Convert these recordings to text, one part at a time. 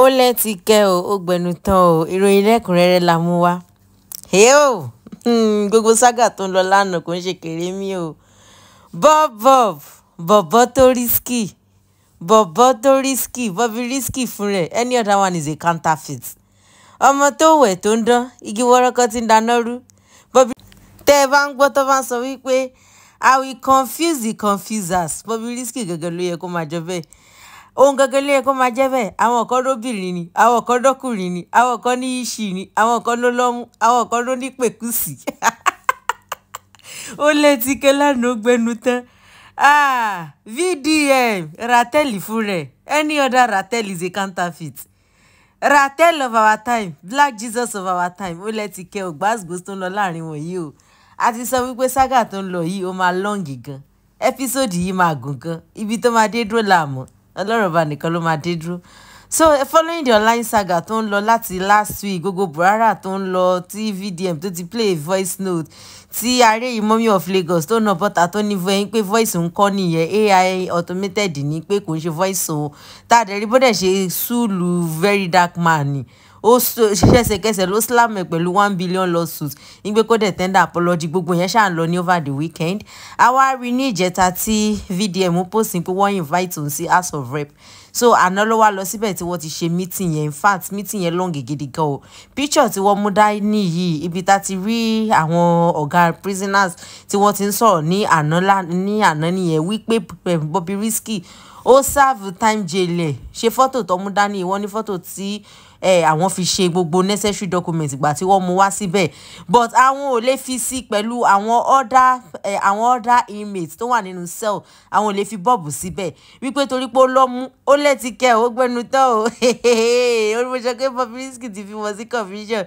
ó lẹ́ńtìkẹ́ ò ó gbẹnu tán o ìròyìn lẹ́kùnrẹ́rẹ́ la mú wá hmm, gbogbo ságà tó ń lọ lánàá kò ń ṣe kéré mi o bob bob bọ̀bọ̀ tó risky bọ̀bọ̀ tó risky bobby risky fún rẹ̀ any other one is a counterfeit ọmọ tó wẹ̀ tó ń dán igi wọ́rọ́kọ́ ti ń dáná rú bobby tẹ́ ẹ bá ń gbọ́ tó bá ń sọ wípé i will confuse the confusers bobby risky gẹ́gẹ́ ló yẹ kó máa jọ bẹ́ẹ̀ ohun gangan ló yẹ kó máa jẹ́ bẹ́ẹ̀ àwọn kan lóbìnrin ni àwọn kan lọ́kùnrin ni àwọn kan ní iṣì ni àwọn kan ló lọ́mú àwọn kan ló ní pèkúsì ó létí ké lánàá ó gbẹnu tán ah vdm ratel fún any other ratel is a counterfeit ratel of our time black jesus of our time ó létí ké ògbásgbó tó ń lọ láàrin wọ̀nyí o a ti sọ wípé saga tó ń lọ yìí ó máa lọ́ǹgì gan ẹ́písòdì yìí máa gùn gan ibi tó máa dé dúró làmọ́ ọlọ́run ọba nìkan ló máa dé dúró so following the online saga tó ń lọ láti last week gbogbo buhara tó ń lọ tí vdm tó ti play a voice note tí aréyí mọ́mí of Lagos tó na bọ́ta tó ní vẹ́yìn pé voice ń kọ́ nìyẹn AI automated ní pé kò ń ṣe voice o tá a dẹ̀ rí bó dẹ̀ ṣe sùúlù very dark man ni ó ṣẹ̀ṣẹ̀kẹsẹ̀ ló slam ẹ̀ pẹ̀lú one billion lawsuit nígbé kó dẹ̀ tender apology gbogbo yẹn ṣáà ń lọ ní over the weekend àwa rí ní ìjẹta tí vdm post pé wọ́n invite òun sí house of rep so àná ló wá lọ síbẹ̀ tí wọ́n ti ṣe meeting yẹn in fact meeting yẹn long gidi gan o picture tí wọ́n mú dání yìí ibi tá ti rí àwọn ọ̀gá prisoners tí wọ́n ti ń sọ̀rọ̀ ní àná nìyẹn wípé eh, risky ó serve time jailer ṣe fọ́tò tó mú dání ìwọ́n ní fọ́tò tí àwọn fi ṣe gbogbo necessary document ìgbà tí wọ́n mú wá síbẹ̀ but àwọn ò lè fi sí pẹ̀lú àwọn other àwọn other inmates tó wà nínú cell àwọn ò lè fi bọ́ọ̀bù síbẹ̀ wípé torí pé ó lọ́mú ó lẹ́tìkẹ́ ó gbẹnu tán o ó ní mo sọ pé Bobrisky ti fi wọn sí confusion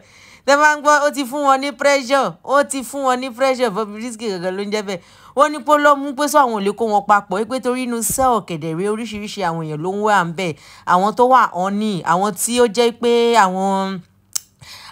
tẹ bá ń gbọ́ ó ti fún wọn ní pressure ó ti fún wọn ní pressure Bobrisky gangan ló ń jẹ́ bẹ́ẹ̀ wọ́n ní pé ló mú pé sọ àwọn ò lè kó wọn papọ̀ pé torí inú sẹ́ọ̀ kẹ̀dẹ̀rẹ́ oríṣiríṣi àwọn èèyàn ló ń wà ń bẹ̀ àwọn tó wà ọ́ ní àwọn tí ó jẹ́ pé àwọn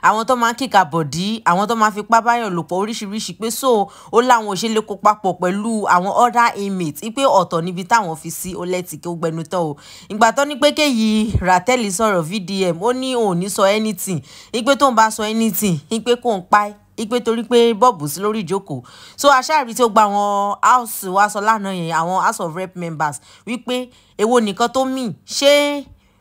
àwọn tó máa ń kíka bọ̀dí àwọn tó máa fi pá báyọ̀ lò pọ̀ oríṣiríṣi pé so ó láwọn ò ṣe lè kó papọ̀ pẹ̀lú àwọn other inmates ipe ọ̀tọ̀ níbi táwọn fi sí olẹ́tì kí ó gbẹnu tán o ìgbà tó ní pé kéyìí Ratelli sọ̀rọ̀ VDM ó ní òun ní sọ anything ipe tó ń bá sọ anything ipe kò ń pa ipe torí pé bọ́ọ̀bù sí lórí ìjókòó so aṣáàrí tí ó gba àwọn house wa sọ lánàá yẹn àwọn house of rep members wípé èwo nìkan tó mì ṣé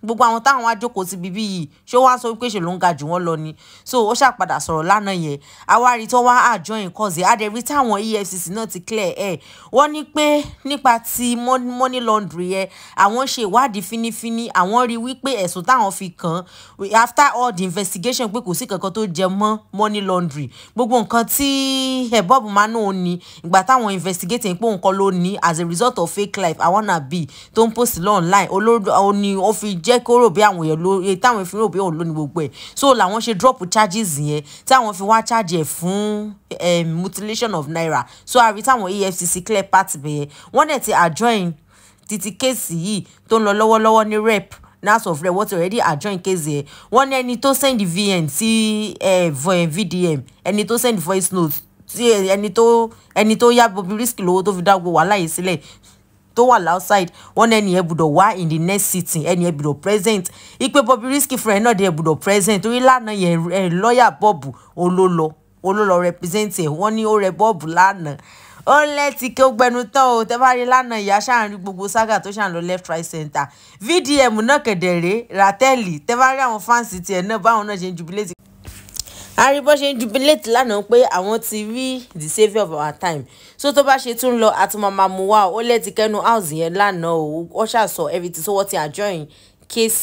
gbogbo àwọn táwọn wá jókòó sí bíbí yìí ṣé wọ́n á sọ wípé ṣe ló ń ga jù wọ́n lọ ni so ó ṣàpadà sọ̀rọ̀ lánàá yẹn àwárí tó wá àjọ ìkànsí àdẹ̀rí táwọn EFCC náà ti clear ẹ̀ wọ́n ní pé nípa ti money laundry yẹn àwọn ṣe ìwádìí fínífíní àwọn rí wípé ẹ̀sùn táwọn fi kàn after all the investigation pé kò sí kankan tó jẹ mọ́ money laundry gbogbo nǹkan tí ẹ̀ Bob Manu ní ìgbà táwọn investigate pé òun kọ́ ló ní as a result of fake life àwọn nàbì tó ń post online olóòní ó fi jẹ́ kó rò bí àwọn èèyàn ló e táwọn fi rò bí òun ló ní gbogbo ẹ̀ so làwọn ṣe drop charges yẹn táwọn fi wá charge ẹ̀ fún mutilation of naira so àrí táwọn EFCC clear part bẹ̀yẹn wọ́n dẹ̀ ti adjoin títí kéèsì yìí tó ń lọ lọ́wọ́lọ́wọ́ ní rep nurse of rep wọ́n ti already adjoin kéèsì ẹ̀ wọ́n ní ẹni tó send vn sí eh, vdm ẹni tó send voice note sí ẹni tó ẹni tó yá Bobrisky lówó tó fi dá gbogbo wàhálà yìí sílẹ̀ tó wà outside wọn ní ẹni ẹ gbọ́dọ̀ wá in the next sitting ẹni ẹ gbọ́dọ̀ present ipe Bobrisky fúnra ẹ náà dé ẹ gbọ́dọ̀ present torí lánàá yẹn ẹ lọ́ọ̀yà bọ́ọ̀bù olólọ olólọ represent ẹ wọ́n ní ó rẹ bọ́ọ̀bù lánàá ó lẹ́tí kí ó gbẹnu tán o tẹ́ bá rí lánàá ìyá ṣáàrin gbogbo saga tó ṣàn lọ left right center vdm náà kẹ̀dẹ̀ rèé rátẹ́ẹ̀lì tẹ́ bá rí àwọn fáǹsì tiẹ̀ náà báwọn náà ṣe ń jubilee a rí bó ṣe ń jubilate lánàá pé àwọn ti rí the saviour of our time so tó bá ṣe tún ń lọ àti màmá mu wá ó lẹ́ẹ̀tì kẹ́nu house yẹn lánàá o wọ́n ṣàṣọ everything so wọ́n ti àjọyìn case